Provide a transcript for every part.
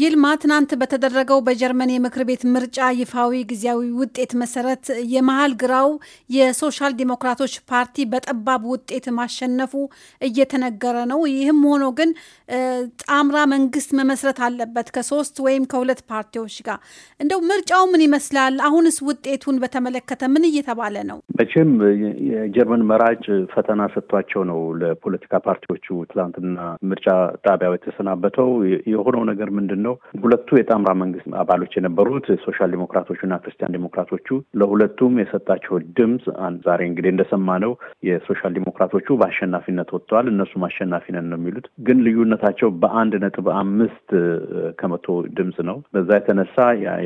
ይልማ ትናንት በተደረገው በጀርመን የምክር ቤት ምርጫ ይፋዊ ጊዜያዊ ውጤት መሰረት የመሀል ግራው የሶሻል ዲሞክራቶች ፓርቲ በጠባብ ውጤት ማሸነፉ እየተነገረ ነው። ይህም ሆኖ ግን ጣምራ መንግስት መመስረት አለበት ከሶስት ወይም ከሁለት ፓርቲዎች ጋር። እንደው ምርጫው ምን ይመስላል? አሁንስ ውጤቱን በተመለከተ ምን እየተባለ ነው? መቼም የጀርመን መራጭ ፈተና ሰጥቷቸው ነው ለፖለቲካ ፓርቲዎቹ ትላንትና ምርጫ ጣቢያው የተሰናበተው። የሆነው ነገር ምንድን ነው። ሁለቱ የጣምራ መንግስት አባሎች የነበሩት ሶሻል ዲሞክራቶቹና ክርስቲያን ዲሞክራቶቹ ለሁለቱም የሰጣቸው ድምፅ ዛሬ እንግዲህ እንደሰማነው የሶሻል ዲሞክራቶቹ በአሸናፊነት ወጥተዋል። እነሱም አሸናፊ ነን ነው የሚሉት። ግን ልዩነታቸው በአንድ ነጥብ አምስት ከመቶ ድምፅ ነው። በዛ የተነሳ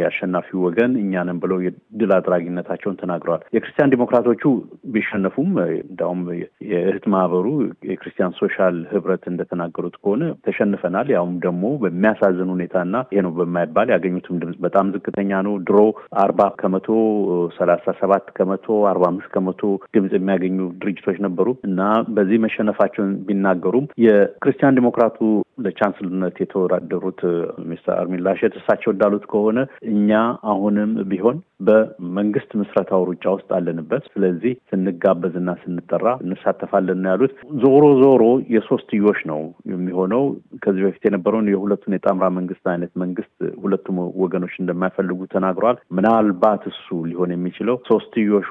የአሸናፊው ወገን እኛንም ብለው የድል አድራጊነታቸውን ተናግረዋል። የክርስቲያን ዲሞክራቶቹ ቢሸነፉም እንዲያውም የእህት ማህበሩ የክርስቲያን ሶሻል ህብረት እንደተናገሩት ከሆነ ተሸንፈናል፣ ያውም ደግሞ በሚያሳዝን ሁኔታ እና ይሄ ነው በማይባል ያገኙትም ድምጽ በጣም ዝቅተኛ ነው። ድሮ አርባ ከመቶ ሰላሳ ሰባት ከመቶ አርባ አምስት ከመቶ ድምጽ የሚያገኙ ድርጅቶች ነበሩ እና በዚህ መሸነፋቸውን ቢናገሩም የክርስቲያን ዲሞክራቱ ለቻንስልነት የተወዳደሩት ሚስተር አርሚን ላሸት እሳቸው እንዳሉት ከሆነ እኛ አሁንም ቢሆን በመንግስት ምስረታው ሩጫ ውስጥ አለንበት። ስለዚህ ስንጋበዝና ስንጠራ እንሳተፋለን ነው ያሉት። ዞሮ ዞሮ የሶስትዮሽ ነው የሚሆነው። ከዚህ በፊት የነበረውን የሁለቱን የጣምራ መንግስት አይነት መንግስት ሁለቱም ወገኖች እንደማይፈልጉ ተናግረዋል። ምናልባት እሱ ሊሆን የሚችለው ሶስትዮሹ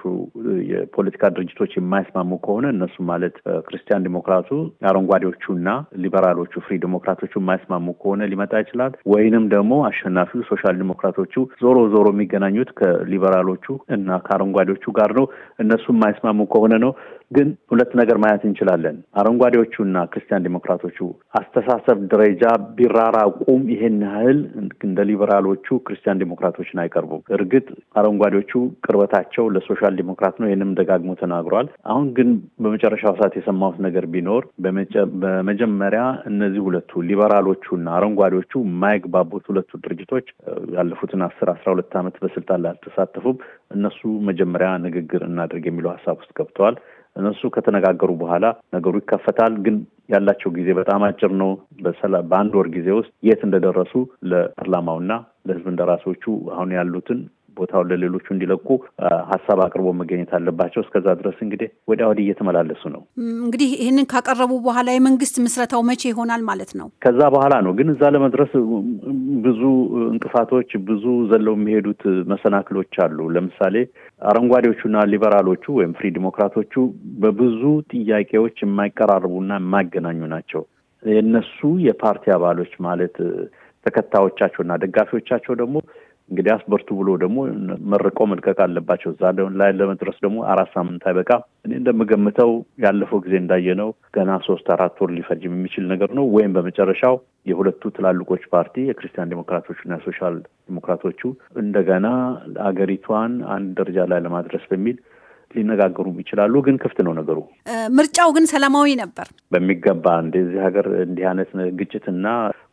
የፖለቲካ ድርጅቶች የማይስማሙ ከሆነ እነሱ ማለት ክርስቲያን ዲሞክራቱ፣ አረንጓዴዎቹ እና ሊበራሎቹ ፍሪ ዲሞክራቶቹ የማይስማሙ ከሆነ ሊመጣ ይችላል። ወይንም ደግሞ አሸናፊው ሶሻል ዲሞክራቶቹ ዞሮ ዞሮ የሚገናኙት ከ ከሊበራሎቹ እና ከአረንጓዴዎቹ ጋር ነው። እነሱ የማይስማሙ ከሆነ ነው። ግን ሁለት ነገር ማየት እንችላለን። አረንጓዴዎቹ እና ክርስቲያን ዲሞክራቶቹ አስተሳሰብ ደረጃ ቢራራቁም ይሄን ያህል እንደ ሊበራሎቹ ክርስቲያን ዲሞክራቶችን አይቀርቡም። እርግጥ አረንጓዴዎቹ ቅርበታቸው ለሶሻል ዲሞክራት ነው። ይህንም ደጋግሞ ተናግሯል። አሁን ግን በመጨረሻው ሰዓት የሰማሁት ነገር ቢኖር በመጀመሪያ እነዚህ ሁለቱ ሊበራሎቹና አረንጓዴዎቹ የማይግባቡት ሁለቱ ድርጅቶች ያለፉትን አስር አስራ ሁለት ዓመት በስልጣን አልተሳተፉም። እነሱ መጀመሪያ ንግግር እናድርግ የሚለው ሀሳብ ውስጥ ገብተዋል። እነሱ ከተነጋገሩ በኋላ ነገሩ ይከፈታል። ግን ያላቸው ጊዜ በጣም አጭር ነው። በአንድ ወር ጊዜ ውስጥ የት እንደደረሱ ለፓርላማውና ለህዝብ እንደራሴዎቹ አሁን ያሉትን ቦታውን ለሌሎቹ እንዲለቁ ሀሳብ አቅርቦ መገኘት አለባቸው። እስከዛ ድረስ እንግዲህ ወዲያ ወዲህ እየተመላለሱ ነው። እንግዲህ ይህንን ካቀረቡ በኋላ የመንግስት ምስረታው መቼ ይሆናል ማለት ነው? ከዛ በኋላ ነው። ግን እዛ ለመድረስ ብዙ እንቅፋቶች፣ ብዙ ዘለው የሚሄዱት መሰናክሎች አሉ። ለምሳሌ አረንጓዴዎቹና ሊበራሎቹ ወይም ፍሪ ዲሞክራቶቹ በብዙ ጥያቄዎች የማይቀራርቡና የማይገናኙ ናቸው። የእነሱ የፓርቲ አባሎች ማለት ተከታዮቻቸውና ደጋፊዎቻቸው ደግሞ እንግዲህ አስበርቱ ብሎ ደግሞ መርቆ መልቀቅ አለባቸው። እዛ ላይ ለመድረስ ደግሞ አራት ሳምንት አይበቃ። እኔ እንደምገምተው ያለፈው ጊዜ እንዳየነው ገና ሶስት አራት ወር ሊፈጅም የሚችል ነገር ነው። ወይም በመጨረሻው የሁለቱ ትላልቆች ፓርቲ የክርስቲያን ዴሞክራቶቹና የሶሻል ዴሞክራቶቹ እንደገና አገሪቷን አንድ ደረጃ ላይ ለማድረስ በሚል ሊነጋገሩም ይችላሉ። ግን ክፍት ነው ነገሩ። ምርጫው ግን ሰላማዊ ነበር በሚገባ እንደዚህ ሀገር እንዲህ አይነት ግጭትና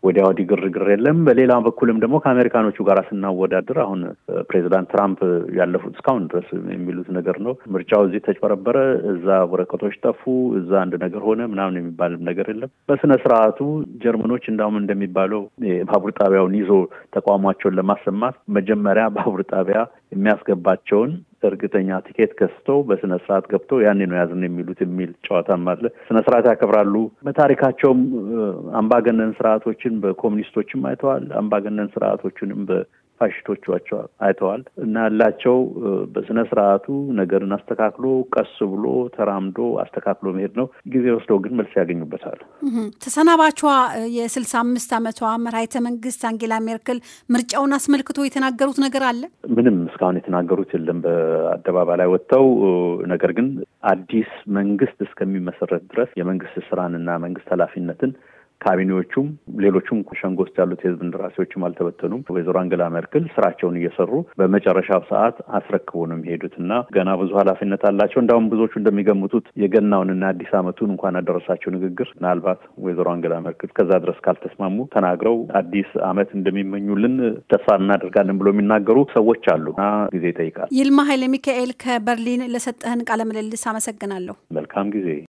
ወዲያ ወዲህ ግርግር የለም። በሌላ በኩልም ደግሞ ከአሜሪካኖቹ ጋር ስናወዳድር አሁን ፕሬዚዳንት ትራምፕ ያለፉት እስካሁን ድረስ የሚሉት ነገር ነው። ምርጫው እዚህ ተጭበረበረ፣ እዛ ወረቀቶች ጠፉ፣ እዛ አንድ ነገር ሆነ ምናምን የሚባልም ነገር የለም። በስነ ስርዓቱ ጀርመኖች እንዳሁም እንደሚባለው የባቡር ጣቢያውን ይዞ ተቋሟቸውን ለማሰማት መጀመሪያ ባቡር ጣቢያ የሚያስገባቸውን እርግጠኛ ቲኬት ገዝተው በስነ ስርዓት ገብተው ያኔ ነው ያዝን የሚሉት የሚል ጨዋታም አለ። ስነ ስርዓት ያከብራሉ። በታሪካቸውም አምባገነን ስርዓቶችን ሂትለርን በኮሚኒስቶችም አይተዋል። አምባገነን ስርዓቶችንም በፋሽቶቹ አይተዋል እና ያላቸው በስነ ስርዓቱ ነገርን አስተካክሎ ቀስ ብሎ ተራምዶ አስተካክሎ መሄድ ነው። ጊዜ ወስደው ግን መልስ ያገኙበታል። ተሰናባቿ የስልሳ አምስት አመቷ መራሒተ መንግስት አንጌላ ሜርክል ምርጫውን አስመልክቶ የተናገሩት ነገር አለ? ምንም እስካሁን የተናገሩት የለም በአደባባይ ላይ ወጥተው። ነገር ግን አዲስ መንግስት እስከሚመሰረት ድረስ የመንግስት ስራንና መንግስት ኃላፊነትን ካቢኔዎቹም ሌሎቹም ሸንጎ ውስጥ ያሉት የህዝብ እንደራሴዎችም አልተበተኑም። ወይዘሮ አንገላ መርክል ስራቸውን እየሰሩ በመጨረሻው ሰዓት አስረክቦ ነው የሚሄዱት እና ገና ብዙ ኃላፊነት አላቸው። እንዲሁም ብዙዎቹ እንደሚገምቱት የገናውንና አዲስ አመቱን እንኳን አደረሳቸው ንግግር ምናልባት ወይዘሮ አንገላ መርክል ከዛ ድረስ ካልተስማሙ ተናግረው አዲስ ዓመት እንደሚመኙልን ተስፋ እናደርጋለን ብሎ የሚናገሩ ሰዎች አሉ እና ጊዜ ይጠይቃል። ይልማ ኃይለ ሚካኤል ከበርሊን ለሰጠህን ቃለ ምልልስ አመሰግናለሁ። መልካም ጊዜ